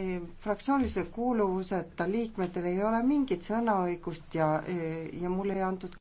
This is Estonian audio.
E, fraktsioonilise kuuluvuseta liikmetel ei ole mingit sõnaõigust ja, e, ja mulle ei antud